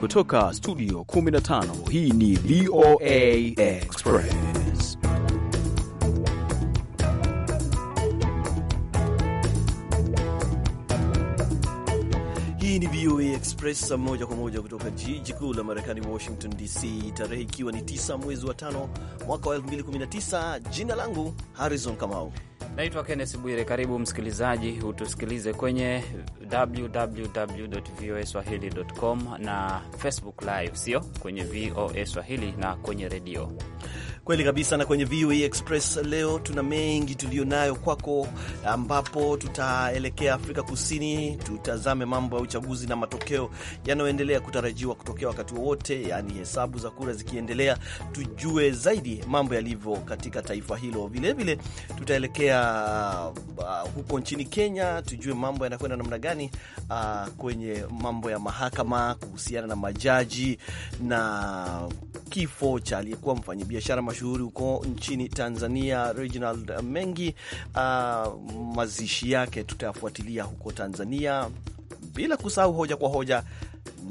Kutoka studio 15 hii ni VOA Express. Hii ni VOA Express moja kwa moja kutoka jiji kuu la Marekani, Washington DC, tarehe ikiwa ni 9 mwezi wa tano mwaka wa 2019. Jina langu Harrison Kamau Naitwa Kennes Bwire. Karibu msikilizaji, utusikilize kwenye www voa swahili.com na Facebook Live, sio kwenye VOA Swahili na kwenye redio Kweli kabisa. Na kwenye VOA e Express leo tuna mengi tuliyonayo kwako, ambapo tutaelekea Afrika Kusini, tutazame mambo ya uchaguzi na matokeo yanayoendelea kutarajiwa kutokea wakati wowote, yaani hesabu za kura zikiendelea, tujue zaidi mambo yalivyo katika taifa hilo. Vilevile tutaelekea uh, huko nchini Kenya, tujue mambo yanakwenda namna gani uh, kwenye mambo ya mahakama kuhusiana na majaji na kifo cha aliyekuwa mfanyabiashara mashuhuri huko nchini Tanzania, Reginald Mengi. Uh, mazishi yake tutayafuatilia huko Tanzania, bila kusahau hoja kwa hoja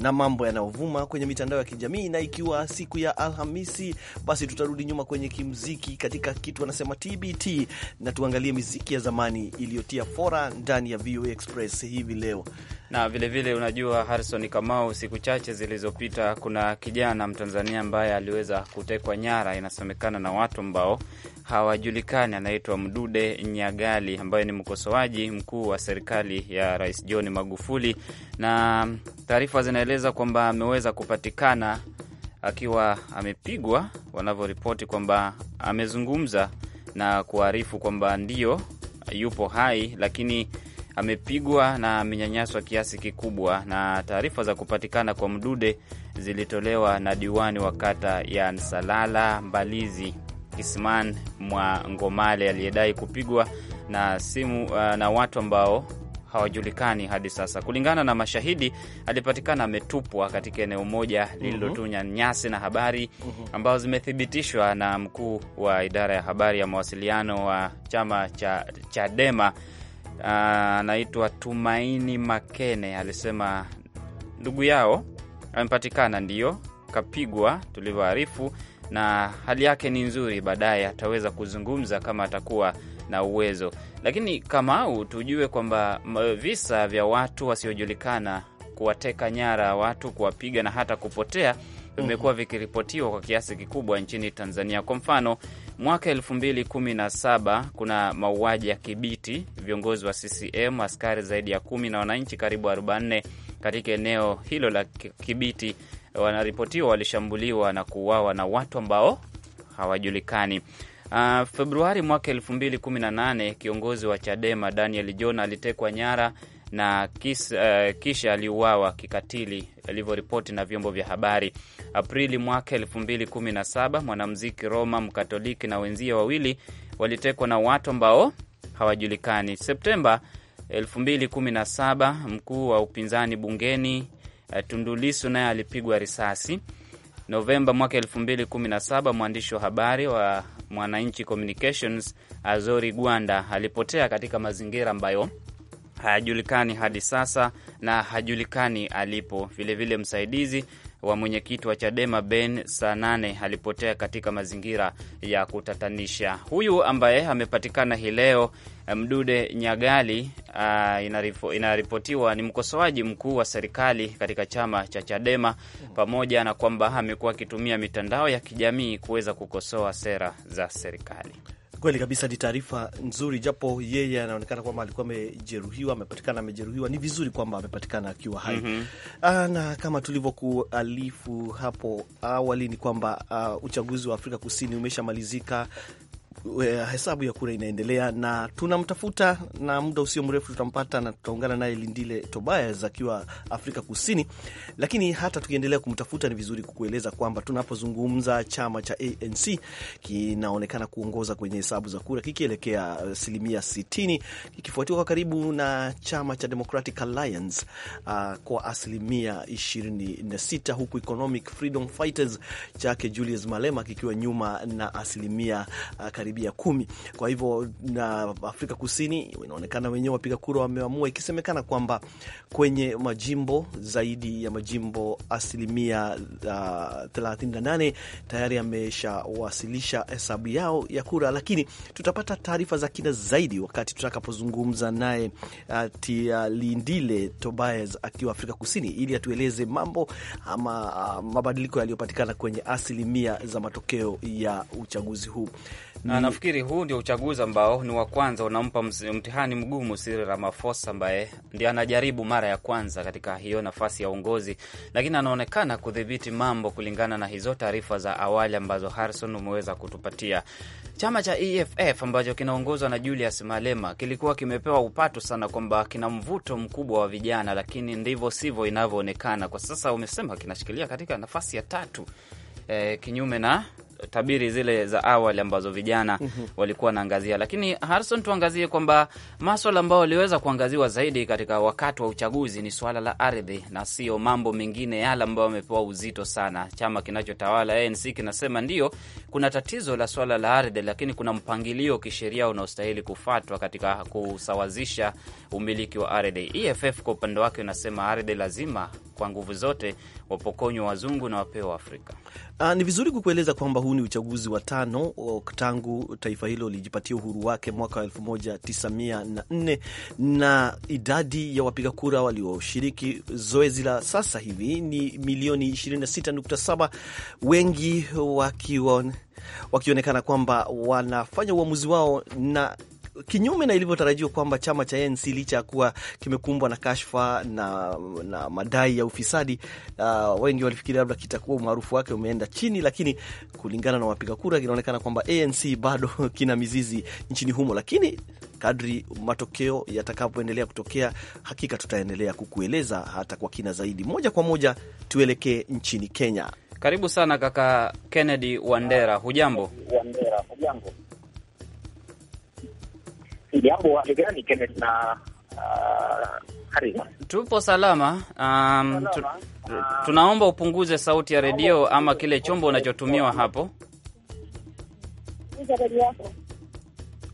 na mambo yanayovuma kwenye mitandao ya kijamii. Na ikiwa siku ya Alhamisi, basi tutarudi nyuma kwenye kimziki katika kitu anasema TBT na tuangalie miziki ya zamani iliyotia fora ndani ya VOA Express hivi leo na vilevile vile, unajua Harrison Kamau, siku chache zilizopita kuna kijana Mtanzania ambaye aliweza kutekwa nyara, inasemekana na watu ambao hawajulikani, anaitwa Mdude Nyagali ambaye ni mkosoaji mkuu wa serikali ya Rais John Magufuli, na taarifa zinaeleza kwamba ameweza kupatikana akiwa amepigwa, wanavyoripoti kwamba amezungumza na kuarifu kwamba ndio yupo hai, lakini amepigwa na amenyanyaswa kiasi kikubwa. Na taarifa za kupatikana kwa Mdude zilitolewa na diwani wa kata ya Nsalala Mbalizi mwa Ngomale aliyedai kupigwa na simu uh, na watu ambao hawajulikani hadi sasa. Kulingana na mashahidi, alipatikana ametupwa katika eneo moja lililotunya mhm. nyasi, na habari mhm. ambazo zimethibitishwa na mkuu wa idara ya habari ya mawasiliano wa chama cha Chadema uh, anaitwa uh, Tumaini Makene. Alisema ndugu yao amepatikana, ndiyo kapigwa tulivyoarifu na hali yake ni nzuri, baadaye ataweza kuzungumza kama atakuwa na uwezo. Lakini Kamau, tujue kwamba visa vya watu wasiojulikana kuwateka nyara watu, kuwapiga na hata kupotea vimekuwa mhm. vikiripotiwa kwa kiasi kikubwa nchini Tanzania. Kwa mfano, mwaka elfu mbili kumi na saba kuna mauaji ya Kibiti, viongozi wa CCM, askari zaidi ya kumi na wananchi karibu arobaini katika eneo hilo la Kibiti wanaripotiwa walishambuliwa na kuuawa na watu ambao hawajulikani. Uh, Februari mwaka nane kiongozi wa Chadema Daniel jon alitekwa nyara na kis, uh, kisha aliuawa kikatili alivyoripoti na vyombo vya habari. Aprili mwaka saba mwanamziki Roma Mkatoliki na wenzie wawili walitekwa na watu ambao hawajulikani. Septemba saba mkuu wa upinzani bungeni Eh, tundulisu naye alipigwa risasi Novemba mwaka saba. Mwandishi wa habari wa Mwananchi Communications Azori Gwanda alipotea katika mazingira ambayo hayajulikani hadi sasa na hajulikani alipo. Vilevile vile msaidizi wa mwenyekiti wa Chadema Ben Sanane alipotea katika mazingira ya kutatanisha. Huyu ambaye amepatikana hii leo Mdude Nyagali, uh, inaripotiwa ni mkosoaji mkuu wa serikali katika chama cha Chadema, pamoja na kwamba amekuwa akitumia mitandao ya kijamii kuweza kukosoa sera za serikali. Kweli kabisa, ni taarifa nzuri, japo yeye anaonekana kwamba alikuwa amejeruhiwa, amepatikana amejeruhiwa. Ni vizuri kwamba amepatikana akiwa hai mm -hmm. Na kama tulivyokualifu hapo awali ni kwamba uh, uchaguzi wa Afrika Kusini umeshamalizika Eh, hesabu ya kura inaendelea, na tunamtafuta na muda usio mrefu tutampata na tutaungana naye Lindile Tobias akiwa Afrika Kusini. Lakini hata tukiendelea kumtafuta, ni vizuri kukueleza kwamba tunapozungumza, chama cha ANC kinaonekana kuongoza kwenye hesabu za kura kikielekea eh, asilimia 60 kikifuatiwa kwa karibu na chama cha Democratic Alliance uh, kwa asilimia 26 huku Economic Freedom Fighters chake Julius Malema kikiwa nyuma na asilimia uh, karibia kumi. Kwa hivyo na Afrika Kusini inaonekana wenyewe wapiga kura wameamua, ikisemekana kwamba kwenye majimbo zaidi ya majimbo asilimia uh, ah, 38 tayari ameshawasilisha hesabu yao ya kura, lakini tutapata taarifa za kina zaidi wakati tutakapozungumza naye uh, Lindile Tobias akiwa Afrika Kusini ili atueleze mambo ama uh, mabadiliko yaliyopatikana kwenye asilimia za matokeo ya uchaguzi huu na nafikiri huu ndio uchaguzi ambao ni wa kwanza unampa mtihani mgumu Cyril Ramaphosa, ambaye ndio anajaribu mara ya kwanza katika hiyo nafasi ya uongozi, lakini anaonekana kudhibiti mambo kulingana na hizo taarifa za awali ambazo Harrison umeweza kutupatia. Chama cha EFF ambacho kinaongozwa na Julius Malema kilikuwa kimepewa upato sana kwamba kina mvuto mkubwa wa vijana, lakini ndivyo sivyo inavyoonekana kwa sasa. Umesema kinashikilia katika nafasi ya tatu, eh, kinyume na tabiri zile za awali ambazo vijana mm -hmm. walikuwa wanaangazia, lakini Harrison, tuangazie kwamba maswala ambayo waliweza kuangaziwa zaidi katika wakati wa uchaguzi ni swala la ardhi na sio mambo mengine yale ambayo wamepewa uzito sana. Chama kinachotawala ANC kinasema ndio kuna tatizo la swala la ardhi, lakini kuna mpangilio kisheria unaostahili kufatwa katika kusawazisha umiliki wa ardhi. EFF kwa upande wake unasema ardhi lazima kwa nguvu zote wapokonywa wazungu na wapewa Afrika. Uh, ni vizuri kukueleza kwamba huu ni uchaguzi wa tano tangu taifa hilo lijipatia uhuru wake mwaka wa 1904 na idadi ya wapiga kura walioshiriki zoezi la sasa hivi ni milioni 26.7, wengi wakionekana kwamba wanafanya uamuzi wao na kinyume na ilivyotarajiwa kwamba chama cha ANC licha ya kuwa kimekumbwa na kashfa na, na madai ya ufisadi uh, wengi walifikiri labda kitakuwa umaarufu wake umeenda chini, lakini kulingana na wapiga kura kinaonekana kwamba ANC bado kina mizizi nchini humo, lakini kadri matokeo yatakapoendelea kutokea, hakika tutaendelea kukueleza hata kwa kina zaidi. Moja kwa moja tuelekee nchini Kenya. Karibu sana kaka Kennedy Wandera, hujambo? Wandera, hujambo? jambo hali gani Kenneth na uh, tupo salama, um, tu, uh, tunaomba upunguze sauti ya redio ama kile chombo unachotumiwa hapo.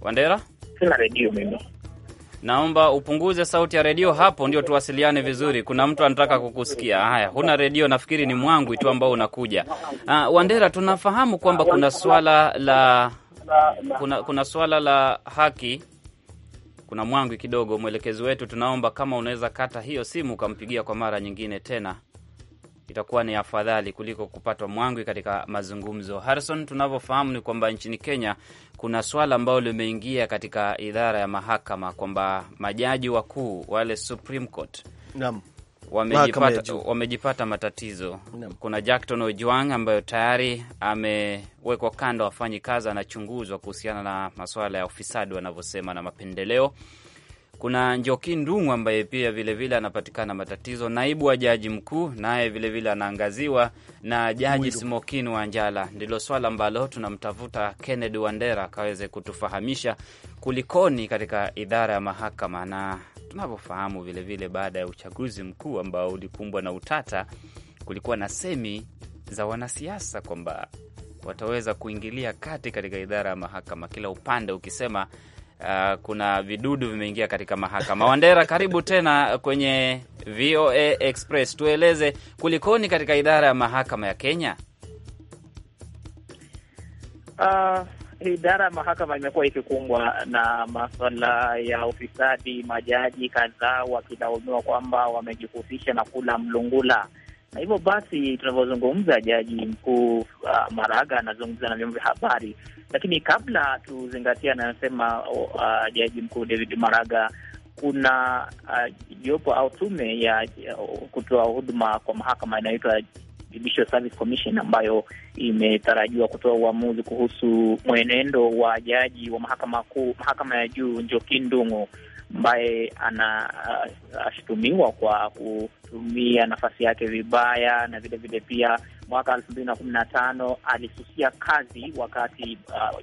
Wandera, sina redio mimi. Naomba upunguze sauti ya redio hapo, ndio tuwasiliane vizuri. Kuna mtu anataka kukusikia. Haya, huna redio, nafikiri ni mwangwi tu ambao unakuja. Uh, Wandera, tunafahamu kwamba kuna swala la kuna, kuna swala la haki kuna mwangwi kidogo. Mwelekezi wetu tunaomba kama unaweza kata hiyo simu ukampigia kwa mara nyingine tena, itakuwa ni afadhali kuliko kupatwa mwangwi katika mazungumzo. Harrison, tunavyofahamu ni kwamba nchini Kenya kuna swala ambalo limeingia katika idara ya mahakama kwamba majaji wakuu wale Supreme Court Naam wamejipata, wamejipata matatizo no. Kuna Jackton Ojwang ambayo tayari amewekwa kando, afanyi kazi, anachunguzwa kuhusiana na masuala ya ufisadi wanavyosema na mapendeleo kuna Njoki Ndungu ambaye pia vilevile vile anapatikana matatizo, naibu wa jaji mkuu, naye vilevile anaangaziwa na jaji Smokin Wanjala. Ndilo swala ambalo tunamtafuta Kennedy Wandera akaweze kutufahamisha kulikoni katika idara ya mahakama, na tunavyofahamu vilevile, baada ya uchaguzi mkuu ambao ulikumbwa na utata, kulikuwa na semi za wanasiasa kwamba wataweza kuingilia kati katika idara ya mahakama, kila upande ukisema uh, kuna vidudu vimeingia katika mahakama. Wandera, karibu tena kwenye VOA Express. Tueleze kulikoni katika idara ya mahakama ya Kenya. Uh, idara ya mahakama imekuwa ikikumbwa na maswala ya ufisadi, majaji kadhaa wakilaumiwa kwamba wamejihusisha na kula mlungula na hivyo basi tunavyozungumza, jaji mkuu uh, Maraga anazungumza na vyombo vya habari, lakini kabla tuzingatia anayosema uh, jaji mkuu David Maraga, kuna uh, jopo uh, au tume ya uh, kutoa huduma kwa mahakama inayoitwa Judicial Service Commission ambayo imetarajiwa kutoa uamuzi kuhusu mwenendo wa jaji wa mahakama kuu, mahakama ya juu Njoki Ndung'u ambaye anashutumiwa uh, kwa kutumia nafasi yake vibaya, na vile vile pia mwaka elfu mbili na kumi na tano alisusia kazi wakati uh,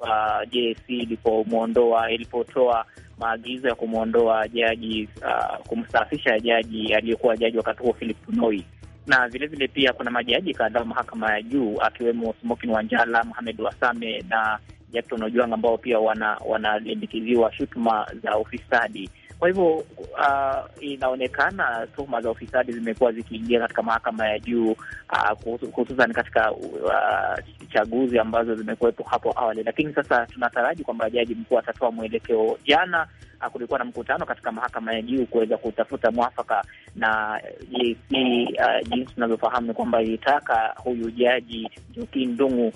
uh, JSC ilipomwondoa ilipotoa maagizo ya kumwondoa jaji uh, kumstaafisha jaji aliyekuwa jaji wakati huo Philip Tunoi na vilevile vile pia kuna majaji kadhaa mahakama ya juu akiwemo Smokin Wanjala, Mohamed Wasame na Jackton Ojwang ambao pia wanalimbikiziwa wana shutuma za ufisadi. Kwa hivyo uh, inaonekana tuhuma za ufisadi zimekuwa zikiingia katika mahakama ya juu uh, hususan uh, katika uh, chaguzi ambazo zimekuwepo hapo awali, lakini sasa tunataraji kwamba jaji mkuu atatoa mwelekeo. Jana uh, kulikuwa na mkutano katika mahakama ya juu kuweza kutafuta mwafaka, na uh, JC uh, jinsi tunavyofahamu kwamba ilitaka huyu jaji Njoki Ndung'u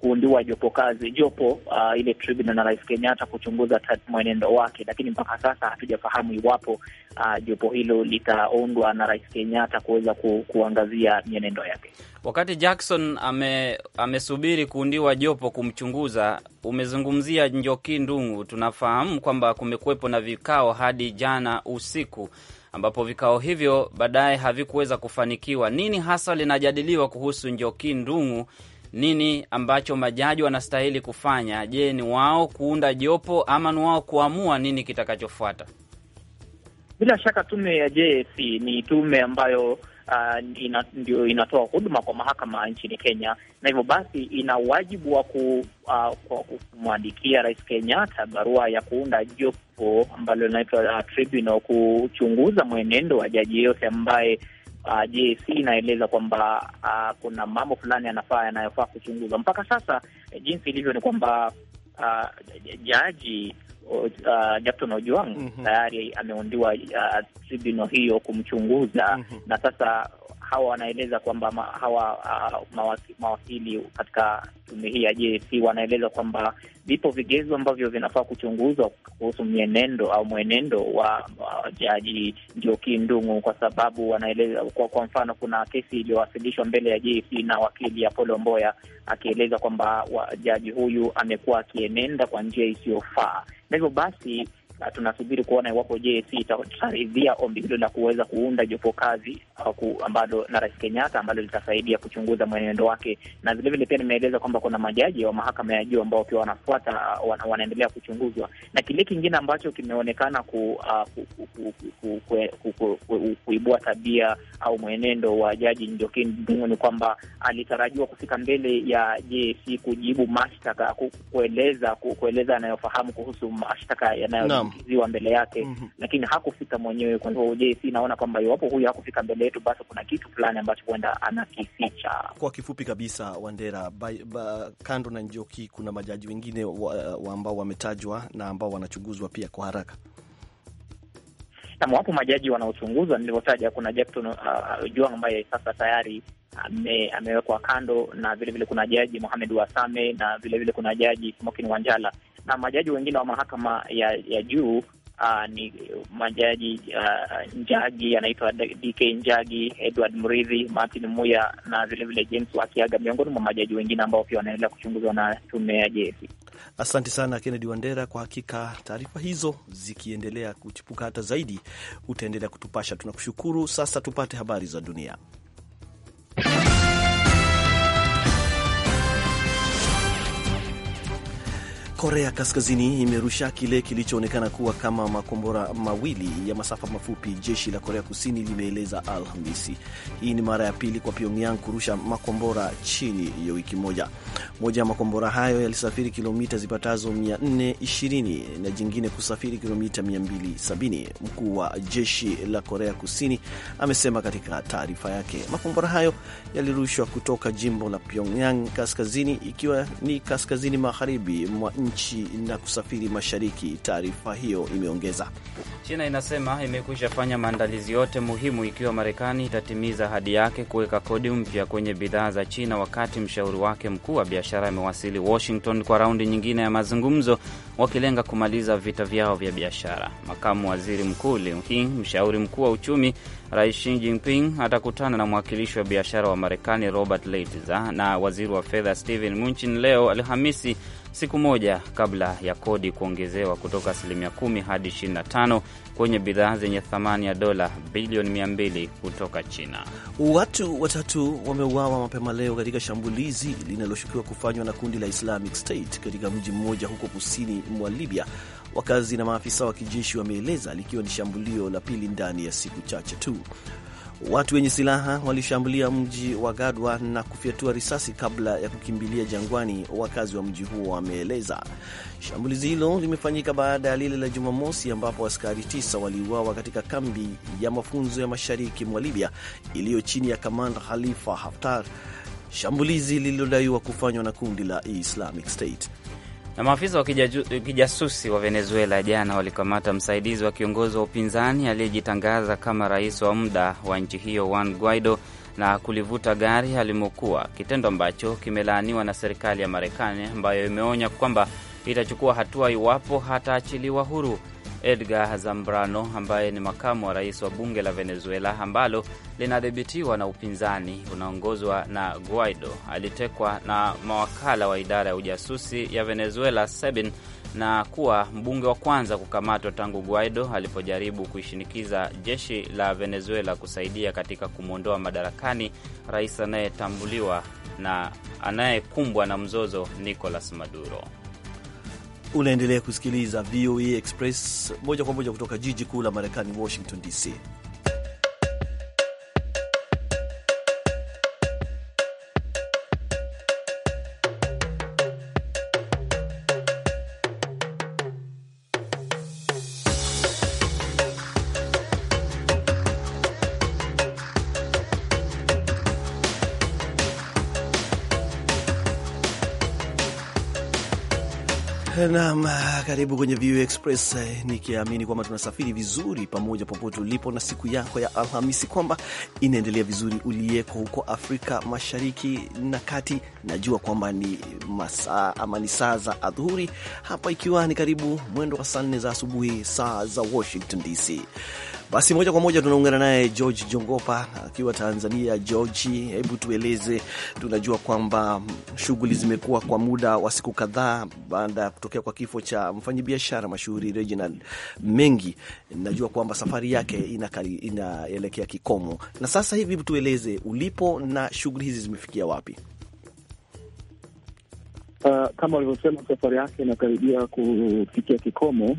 kuundiwa jopo kazi jopo uh, ile tribunal na Rais Kenyatta kuchunguza mwenendo wake, lakini mpaka sasa hatujafahamu iwapo uh, jopo hilo litaundwa na Rais Kenyatta kuweza ku, kuangazia mienendo yake. Wakati Jackson ame, amesubiri kuundiwa jopo kumchunguza, umezungumzia Njoki Ndung'u. Tunafahamu kwamba kumekuwepo na vikao hadi jana usiku ambapo vikao hivyo baadaye havikuweza kufanikiwa. Nini hasa linajadiliwa kuhusu Njoki Ndung'u nini ambacho majaji wanastahili kufanya? Je, ni wao kuunda jopo ama ni wao kuamua nini kitakachofuata? Bila shaka tume ya JSC ni tume ambayo uh, ina, ndio inatoa huduma kwa mahakama nchini Kenya, na hivyo basi ina wajibu wa ku, uh, kumwandikia Rais Kenyatta barua ya kuunda jopo ambalo linaitwa uh, tribunal kuchunguza mwenendo wa jaji yote ambaye uh, ah, JSC inaeleza kwamba uh, kuna mambo fulani yanafaa yanayofaa kuchunguzwa. Mpaka sasa eh, jinsi ilivyo ni kwamba uh, jaji Uh, Jackton Ojwang mm -hmm. tayari ameundiwa uh, tribunal hiyo kumchunguza mm -hmm. na sasa hawa wanaeleza kwamba ma, hawa uh, mawaki, mawakili katika tume hii ya JSC wanaeleza kwamba vipo vigezo ambavyo vinafaa kuchunguzwa kuhusu mienendo au mwenendo wa uh, jaji Njoki Ndung'u, kwa sababu wanaeleza kwa, kwa mfano kuna kesi iliyowasilishwa mbele ya JSC na wakili polo Mboya akieleza kwamba jaji huyu amekuwa akienenda kwa njia isiyofaa na hivyo basi na tunasubiri kuona iwapo JSC itaridhia ombi hilo la kuweza kuunda jopo kazi uh, ambalo na Rais Kenyatta ambalo litasaidia kuchunguza mwenendo wake, na vilevile pia nimeeleza kwamba kuna majaji wa mahakama ya juu ambao pia wanafuata uh, wana, wanaendelea kuchunguzwa. Na kile kingine ambacho kimeonekana ku, uh, ku, ku, ku, ku, ku, ku, ku, kuibua tabia au mwenendo wa Jaji Njoki Ndung'u ni kwamba alitarajiwa kufika mbele ya JSC kujibu mashtaka, kueleza kueleza anayofahamu kuhusu mashtaka yanayo kutuziwa mbele yake mm -hmm. Lakini hakufika mwenyewe. Kwa hivyo, oh, je, si naona kwamba iwapo huyu hakufika mbele yetu, basi kuna kitu fulani ambacho huenda anakificha. Kwa kifupi kabisa, Wandera, ba, ba, kando na Njoki kuna majaji wengine wa, wa ambao wametajwa na ambao wanachunguzwa pia kwa haraka Wapo majaji wanaochunguzwa nilivyotaja. Kuna Jackton uh, Juang ambaye sasa tayari ame, amewekwa kando, na vile vile kuna jaji Mohamed Wasame na vile vile kuna jaji Smokin Wanjala na majaji wengine wa mahakama ya, ya juu Uh, ni majaji uh, Njagi anaitwa DK Njagi, Edward Mridhi, Martin Muya na vilevile James Wakiaga, miongoni mwa majaji wengine ambao pia wanaendelea kuchunguzwa na tume ya JSC. Asante sana Kennedy Wandera, kwa hakika taarifa hizo zikiendelea kuchipuka hata zaidi utaendelea kutupasha. Tunakushukuru. Sasa tupate habari za dunia. Korea Kaskazini imerusha kile kilichoonekana kuwa kama makombora mawili ya masafa mafupi, jeshi la Korea Kusini limeeleza Alhamisi. Hii ni mara ya pili kwa Pyongyang kurusha makombora chini ya wiki moja. Moja ya makombora hayo yalisafiri kilomita zipatazo 420 na jingine kusafiri kilomita 270, mkuu wa jeshi la Korea Kusini amesema katika taarifa yake. Makombora hayo yalirushwa kutoka jimbo la Pyongyang Kaskazini, ikiwa ni kaskazini magharibi mwa nchi na kusafiri mashariki, taarifa hiyo imeongeza. China inasema imekwisha fanya maandalizi yote muhimu ikiwa Marekani itatimiza ahadi yake kuweka kodi mpya kwenye bidhaa za China, wakati mshauri wake mkuu wa biashara amewasili Washington kwa raundi nyingine ya mazungumzo, wakilenga kumaliza vita vyao vya biashara. Makamu waziri mkuu Liu He, mshauri mkuu wa uchumi Rais Xi Jinping atakutana na mwakilishi wa biashara wa Marekani Robert Lighthizer na waziri wa fedha Steven Mnuchin leo Alhamisi siku moja kabla ya kodi kuongezewa kutoka asilimia 10 hadi 25 kwenye bidhaa zenye thamani ya dola bilioni 200 kutoka China. Watu watatu wameuawa mapema leo katika shambulizi linaloshukiwa kufanywa na kundi la Islamic State katika mji mmoja huko kusini mwa Libya, wakazi na maafisa wa kijeshi wameeleza, likiwa ni shambulio la pili ndani ya siku chache tu. Watu wenye silaha walishambulia mji wa Gadwa na kufyatua risasi kabla ya kukimbilia jangwani, wakazi wa mji huo wameeleza. Shambulizi hilo limefanyika baada ya lile la Jumamosi ambapo askari tisa waliuawa katika kambi ya mafunzo ya mashariki mwa Libya iliyo chini ya kamanda Khalifa Haftar, shambulizi lililodaiwa kufanywa na kundi la Islamic State. Na maafisa wa kijasusi wa Venezuela jana walikamata msaidizi wa kiongozi wa upinzani aliyejitangaza kama rais wa muda wa nchi hiyo Juan Guaido na kulivuta gari alimokuwa, kitendo ambacho kimelaaniwa na serikali ya Marekani ambayo imeonya kwamba itachukua hatua iwapo hataachiliwa huru. Edgar Zambrano ambaye ni makamu wa rais wa bunge la Venezuela ambalo linadhibitiwa na upinzani unaongozwa na Guaido, alitekwa na mawakala wa idara ya ujasusi ya Venezuela SEBIN na kuwa mbunge wa kwanza kukamatwa tangu Guaido alipojaribu kuishinikiza jeshi la Venezuela kusaidia katika kumwondoa madarakani rais anayetambuliwa na anayekumbwa na mzozo Nicolas Maduro. Unaendelea kusikiliza VOA Express moja kwa moja kutoka jiji kuu la Marekani, Washington DC. Naam, karibu kwenye VU Express, nikiamini kwamba tunasafiri vizuri pamoja popote ulipo, na siku yako ya Alhamisi kwamba inaendelea vizuri, uliyeko huko Afrika Mashariki na Kati. Najua kwamba ni masaa ama ni saa za adhuhuri, hapa ikiwa ni karibu mwendo wa saa nne za asubuhi, saa za Washington DC. Basi moja kwa moja tunaungana naye George Jongopa akiwa Tanzania. George, hebu tueleze, tunajua kwamba shughuli zimekuwa kwa muda wa siku kadhaa baada ya kutokea kwa kifo cha mfanyabiashara mashuhuri Reginald Mengi. Najua kwamba safari yake inaelekea kikomo, na sasa hivi, hebu tueleze ulipo na shughuli hizi zimefikia wapi? Uh, kama ulivyosema safari yake inakaribia kufikia kikomo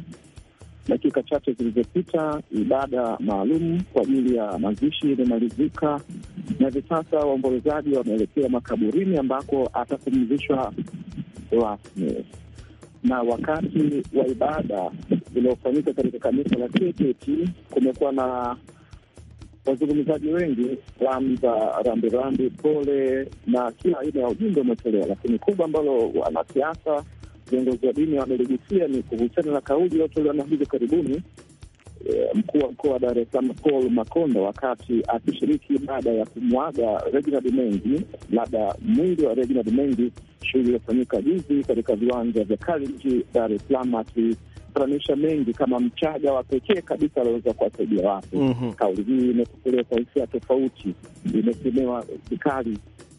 Dakika chache zilizopita ibada maalum kwa ajili ya mazishi imemalizika, na hivi sasa waombolezaji wameelekea makaburini ambako atapumzishwa rasmi. Na wakati wa ibada iliyofanyika katika kanisa la KKT kumekuwa na wazungumzaji wengi, salamu za rambirambi, pole na kila aina ya ujumbe umetolewa, lakini kubwa ambalo wanasiasa viongozi wa dini wameligusia ni kuhusiana na kauli iliyotolewa na hivi karibuni e, mkuu wa mkoa wa Dar es Salaam Paul Makonda wakati akishiriki baada ya kumwaga Reginald Mengi, labda mwili wa Reginald Mengi, shughuli iliyofanyika juzi katika viwanja vya Kalinji, Dar es Salaam, akifananisha Mengi kama Mchaga wa pekee kabisa aliweza kuwasaidia watu. mm -hmm. Kauli hii imepokelewa kwa hisia tofauti, imesemewa vikali.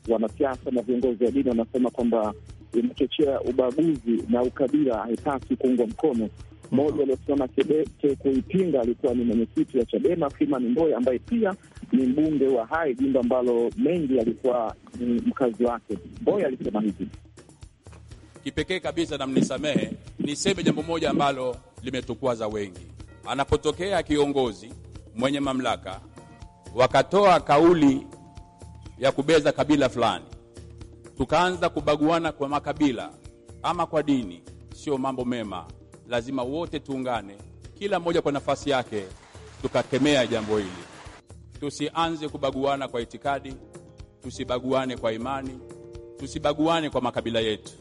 Wanasiasa na viongozi wa dini wanasema kwamba inachochea ubaguzi na ukabila haipaswi kuungwa mkono. Mmoja mhm. aliosimama kidete kuipinga alikuwa ni mwenyekiti wa Chadema Freeman Mbowe, ambaye pia ni mbunge wa Hai, jimbo ambalo Mengi alikuwa ni mkazi wake. Mbowe alisema hivi: kipekee kabisa, na mnisamehe niseme jambo moja ambalo limetukwaza wengi. Anapotokea kiongozi mwenye mamlaka wakatoa kauli ya kubeza kabila fulani tukaanza kubaguana kwa makabila ama kwa dini, sio mambo mema. Lazima wote tuungane, kila mmoja kwa nafasi yake, tukakemea jambo hili. Tusianze kubaguana kwa itikadi, tusibaguane kwa imani, tusibaguane kwa makabila yetu,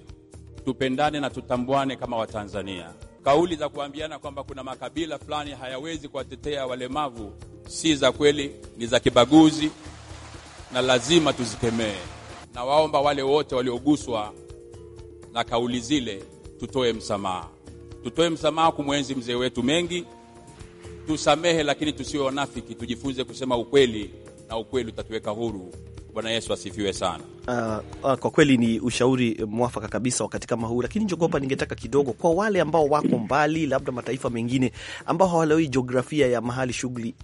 tupendane na tutambuane kama Watanzania. Kauli za kuambiana kwamba kuna makabila fulani hayawezi kuwatetea walemavu si za kweli, ni za kibaguzi na lazima tuzikemee nawaomba wale wote walioguswa na kauli zile, tutoe msamaha, tutoe msamaha kumwenzi mzee wetu Mengi, tusamehe, lakini tusiwe wanafiki, tujifunze kusema ukweli na ukweli utatuweka huru. Bwana Yesu asifiwe sana. Uh, kwa kweli ni ushauri mwafaka kabisa wakati kama huu, lakini Njogopa, ningetaka kidogo kwa wale ambao wako mbali, labda mataifa mengine ambao hawaelewi jiografia ya mahali shughuli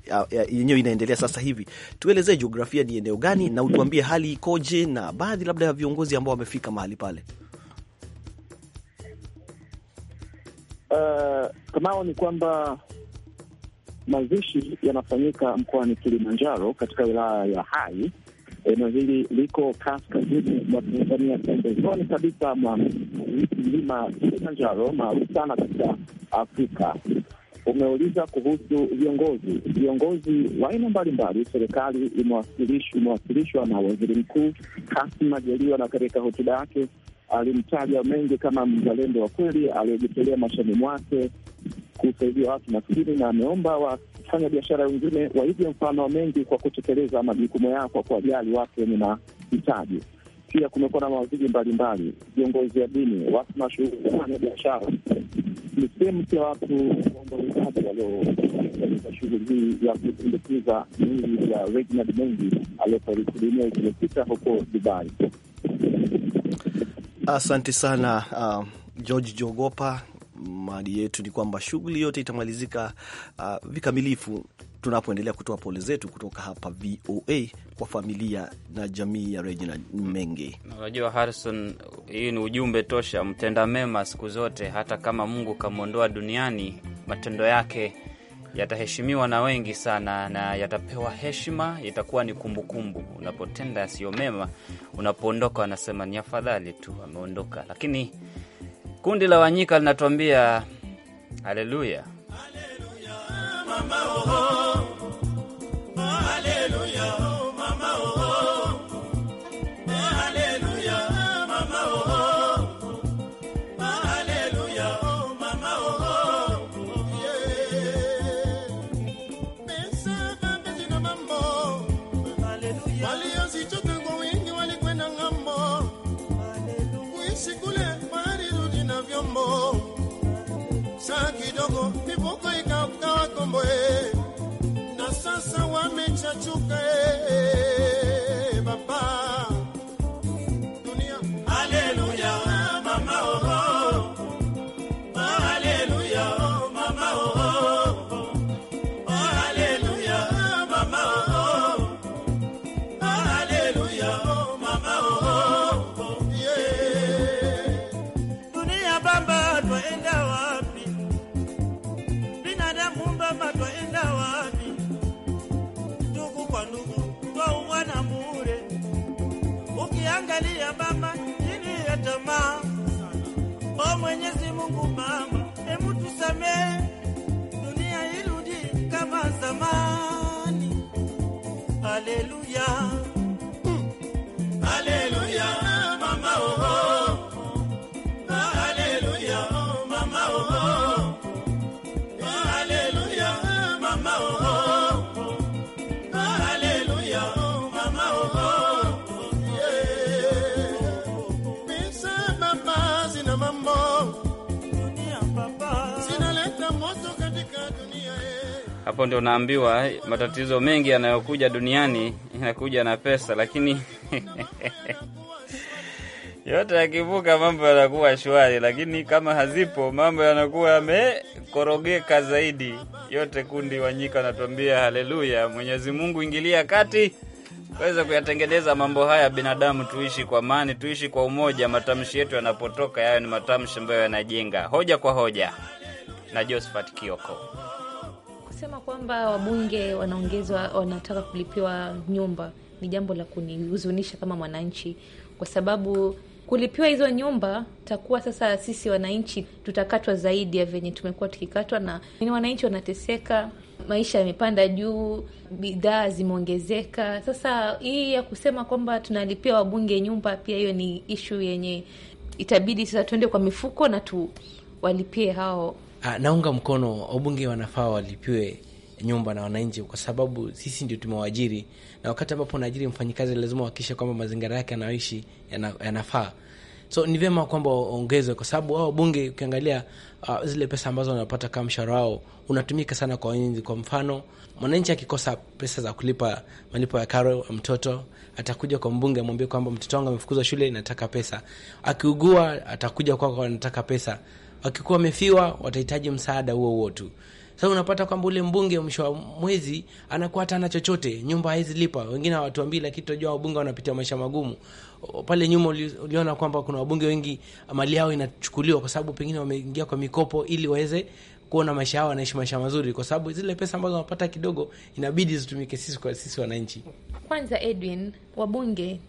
yenyewe inaendelea sasa hivi, tuelezee jiografia ni eneo gani na utuambie hali ikoje na baadhi labda ya viongozi ambao wamefika mahali pale. Uh, kamao ni kwamba mazishi yanafanyika mkoani Kilimanjaro katika wilaya ya Hai eneo hili liko kaskazini mwa Tanzania, pembezoni kabisa mwa mlima Kilimanjaro maarufu sana katika Afrika. Umeuliza kuhusu viongozi. Viongozi wa aina mbalimbali, serikali imewasilishwa na waziri mkuu Kassim Majaliwa, na katika hotuba yake alimtaja mengi kama mzalendo wa kweli aliyejitolea mashani mwake kusaidia watu maskini, na ameomba kufanya biashara wengine waige mfano mengi kwa kutekeleza majukumu yao kwa kuwajali watu wenye mahitaji. Pia kumekuwa na mawaziri mbalimbali, viongozi wa dini, watu mashuhuri, kufanya biashara ni sehemu pia watu waombolezaji walioa shughuli hii ya kusindikiza mwili ya Reginald Mengi aliyefariki dunia wiki iliyopita huko Dubai. Asante sana uh, George Jogopa maadi yetu ni kwamba shughuli yote itamalizika uh, vikamilifu tunapoendelea kutoa pole zetu kutoka hapa VOA kwa familia na jamii ya Regina Mengi. Unajua Harrison, hii ni ujumbe tosha, mtenda mema siku zote, hata kama Mungu kamwondoa duniani, matendo yake yataheshimiwa na wengi sana na yatapewa heshima, itakuwa ni kumbukumbu. Unapotenda yasiyo mema, unapoondoka, wanasema ni afadhali tu ameondoka, lakini Kundi la Wanyika linatuambia haleluya. mucho que Angalia mama chini ya tamaa. O oh, Mwenyezi Mungu mama, hebu tusamee, dunia irudi kama zamani. Haleluya. Hapo ndio naambiwa eh, matatizo mengi yanayokuja duniani yanakuja na pesa, lakini yote yakivuka mambo yanakuwa shwari, lakini kama hazipo mambo yanakuwa yamekorogeka zaidi. Yote kundi Wanyika anatuambia haleluya, Mwenyezi Mungu ingilia kati weza kuyatengeneza mambo haya, binadamu tuishi kwa amani, tuishi kwa umoja. Matamshi yetu yanapotoka yayo ni matamshi ambayo yanajenga. Hoja kwa Hoja na Josephat Kioko kusema kwamba wabunge wanaongezwa, wanataka kulipiwa nyumba ni jambo la kunihuzunisha kama mwananchi, kwa sababu kulipiwa hizo nyumba takuwa sasa sisi wananchi tutakatwa zaidi ya venye tumekuwa tukikatwa, na ni wananchi wanateseka, maisha yamepanda juu, bidhaa zimeongezeka. Sasa hii ya kusema kwamba tunalipia wabunge nyumba, pia hiyo ni ishu yenye itabidi sasa tuende kwa mifuko na tuwalipie hao Ah, naunga mkono wabunge wanafaa walipiwe nyumba na wananchi, kwa sababu sisi ndio tumewaajiri, na wakati ambapo unaajiri mfanyikazi lazima uhakikishe kwamba mazingira yake anayoishi yanafaa so ni vyema kwamba waongezwe, kwa sababu hao bunge ukiangalia, uh, zile pesa ambazo wanapata kama mshahara wao unatumika sana kwa wengi. Kwa mfano, mwananchi akikosa pesa za kulipa malipo ya karo ya mtoto atakuja kwa mbunge amwambie kwamba mtoto wangu amefukuzwa shule, nataka pesa. Akiugua atakuja kwako, anataka pesa wakikuwa wamefiwa watahitaji msaada huo huo tu. Sasa unapata kwamba ule mbunge mwisho wa mwezi anakuwa hata ana chochote, nyumba hawezi lipa, wengine hawatuambii, lakini tunajua wabunge wanapitia maisha magumu. Pale nyuma uliona kwamba kuna wabunge wengi mali yao inachukuliwa kwa sababu pengine wameingia kwa mikopo ili waweze kuona maisha yao wanaishi maisha mazuri, kwa sababu zile pesa ambazo wanapata kidogo inabidi zitumike sisi kwa sisi wananchi. Kwanza Edwin, wabunge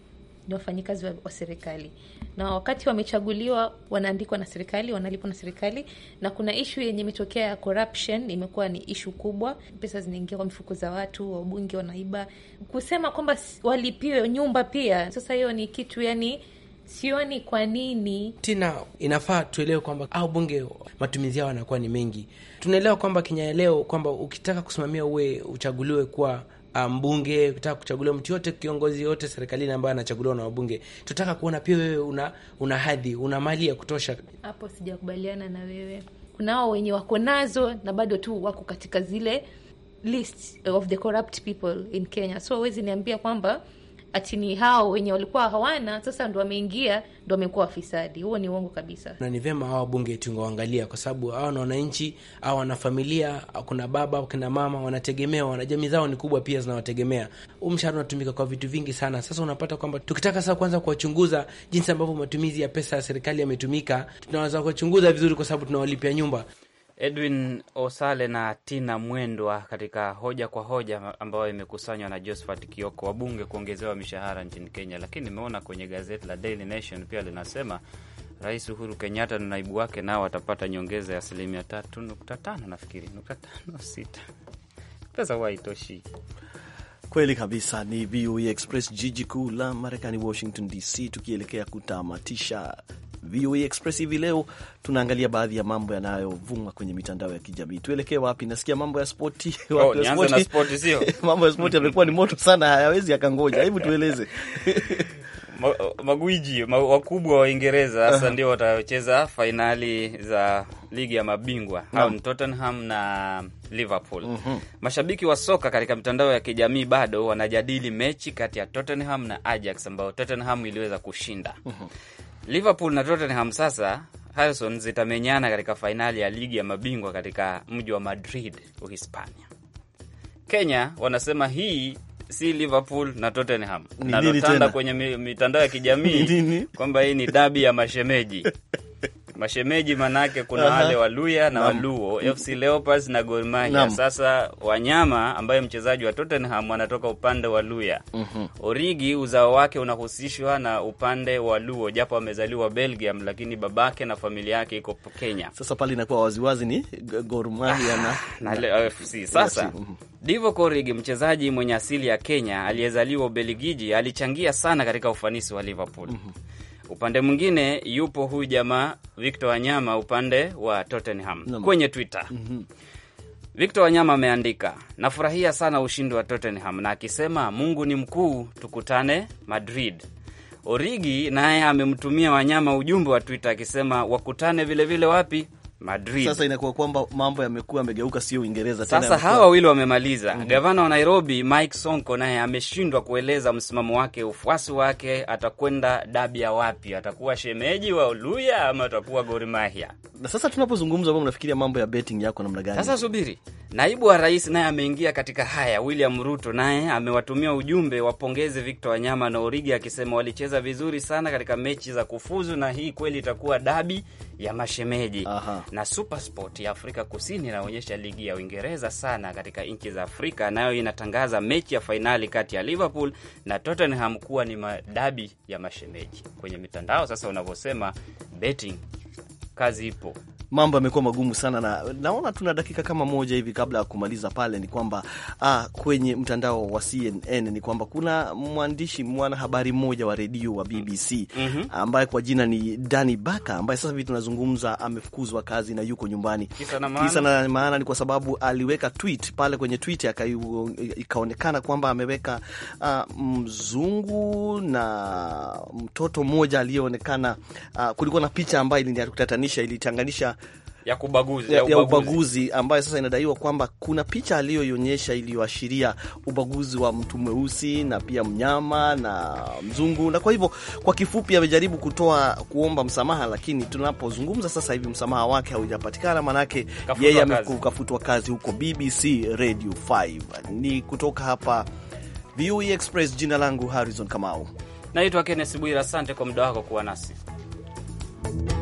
ni wafanyikazi wa serikali na wakati wamechaguliwa wanaandikwa na serikali, wanalipwa na serikali, na kuna ishu yenye imetokea ya corruption, imekuwa ni ishu kubwa. Pesa zinaingia kwa mifuko za watu, wabunge wanaiba, kusema kwamba walipiwe nyumba pia. Sasa hiyo ni kitu yani sioni kwa nini Tina, inafaa tuelewe kwamba au bunge matumizi yao yanakuwa ni mengi. Tunaelewa kwamba Kenya leo kwamba ukitaka kusimamia uwe uchaguliwe kuwa Ah, mbunge, kutaka kuchaguliwa mtu yote, kiongozi yote serikalini ambayo anachaguliwa na wabunge, tutaka kuona pia wewe una, una hadhi, una mali ya kutosha. Hapo sijakubaliana na wewe. Kunao wenye wako nazo na bado tu wako katika zile list of the corrupt people in Kenya, so wezi niambia kwamba atini hao wenye walikuwa hawana sasa ndo wameingia ndo wamekuwa wafisadi. Huo ni uongo kabisa, na ni vema hawa bunge tungewaangalia, kwa sababu hawa na wananchi au wana familia, kuna baba kina mama wanategemewa, wana jamii zao ni kubwa pia zinawategemea. Huu mshahara unatumika kwa vitu vingi sana. Sasa unapata kwamba tukitaka sasa kwanza kuwachunguza jinsi ambavyo matumizi ya pesa ya serikali yametumika, tunaweza kuwachunguza vizuri, kwa sababu tunawalipia nyumba Edwin Osale na Tina Mwendwa katika hoja kwa hoja ambayo imekusanywa na Josephat Kioko, wabunge kuongezewa mishahara nchini Kenya. Lakini nimeona kwenye gazeti la Daily Nation pia linasema Rais Uhuru Kenyatta na naibu wake nao watapata nyongeza ya asilimia tatu nukta tano nafikiri nukta tano sita. Pesa huwa haitoshi. Kweli kabisa. Ni VOA e Express, jiji kuu la Marekani, Washington DC, tukielekea kutamatisha VOA Express hivi leo tunaangalia baadhi ya mambo yanayovuma kwenye mitandao ya kijamii. Tuelekee wapi? Nasikia mambo ya spoti. Oh, mambo ya spoti yamekuwa ni moto sana, hayawezi yakangoja. Hebu tueleze magwiji wakubwa wa Uingereza sasa uh -huh. ndio watacheza fainali za ligi ya mabingwa hao Tottenham na Liverpool. mm -hmm. Mashabiki wa soka katika mitandao ya kijamii bado wanajadili mechi kati ya Tottenham na Ajax ambayo Tottenham iliweza kushinda. mm -hmm. Liverpool na Tottenham sasa Harrison zitamenyana katika fainali ya ligi ya mabingwa katika mji wa Madrid, Uhispania. Kenya wanasema hii si Liverpool na Tottenham, nalotanda kwenye mitandao ya kijamii kwamba hii ni dabi ya mashemeji mashemeji, manake kuna wale Waluya na Waluo, FC Leopards na Gor Mahia. Sasa Wanyama ambaye mchezaji wa Tottenham anatoka upande wa Luya. mm -hmm. Origi uzao wake unahusishwa na upande wa Luo, japo amezaliwa Belgium, lakini babake na familia yake iko Kenya. Sasa pale inakuwa waziwazi ni Gor Mahia na, ah, na, na eh, FC sasa mhm. Divo Korigi, mchezaji mwenye asili ya Kenya aliyezaliwa Ubelgiji, alichangia sana katika ufanisi wa Liverpool. mm -hmm. Upande mwingine yupo huyu jamaa Victor Wanyama upande wa Tottenham no. kwenye Twitter mm -hmm. Victor Wanyama ameandika, nafurahia sana ushindi wa Tottenham na akisema Mungu ni mkuu, tukutane Madrid. Origi naye amemtumia Wanyama ujumbe wa Twitter akisema wakutane vilevile vile wapi Madrid. Sasa inakuwa kwamba mambo yamekuwa yamegeuka, sio Uingereza tena. Sasa hawa wawili wamemaliza. mm -hmm. Gavana wa Nairobi Mike Sonko naye ameshindwa kueleza msimamo wake, ufuasi wake, atakwenda dabi ya wapi, atakuwa shemeji wa Uluya ama atakuwa Gor Mahia? Na sasa tunapozungumza, nafikiria mambo ya betting yako namna gani? Sasa subiri Naibu wa rais naye ameingia katika haya. William Ruto naye amewatumia ujumbe wapongeze Victor Wanyama na Origi akisema walicheza vizuri sana katika mechi za kufuzu, na hii kweli itakuwa dabi ya mashemeji. Aha. Na SuperSport ya Afrika Kusini inaonyesha ligi ya Uingereza sana katika nchi za Afrika, nayo inatangaza mechi ya fainali kati ya Liverpool na Tottenham kuwa ni madabi ya mashemeji kwenye mitandao. Sasa unavyosema betting kazi ipo mambo yamekuwa magumu sana, na naona tuna dakika kama moja hivi kabla ya kumaliza pale, ni kwamba ah, kwenye mtandao wa CNN ni kwamba kuna mwandishi mwanahabari mmoja wa redio wa BBC mm -hmm. ambaye kwa jina ni Dani Baka ambaye sasa hivi tunazungumza amefukuzwa kazi na yuko nyumbani. Kisa na maana, kisa na maana ni kwa sababu aliweka tweet pale kwenye Twitter ikaonekana kwamba ameweka ah, mzungu na mtoto mmoja aliyeonekana ah, kulikuwa na picha ambayo ilikutatanisha, ilitanganisha ya kubaguzi, ya, ya ubaguzi, ubaguzi ambayo sasa inadaiwa kwamba kuna picha aliyoionyesha iliyoashiria ubaguzi wa mtu mweusi na pia mnyama na mzungu, na kwa hivyo kwa kifupi amejaribu kutoa kuomba msamaha, lakini tunapozungumza sasa hivi msamaha wake haujapatikana, manake yeye amekafutwa kazi huko BBC Radio 5. Ni kutoka hapa VUE Express, jina langu Harrison Kamau. Naitwa Kenneth Bwira, asante kwa muda wako kuwa nasi. thank you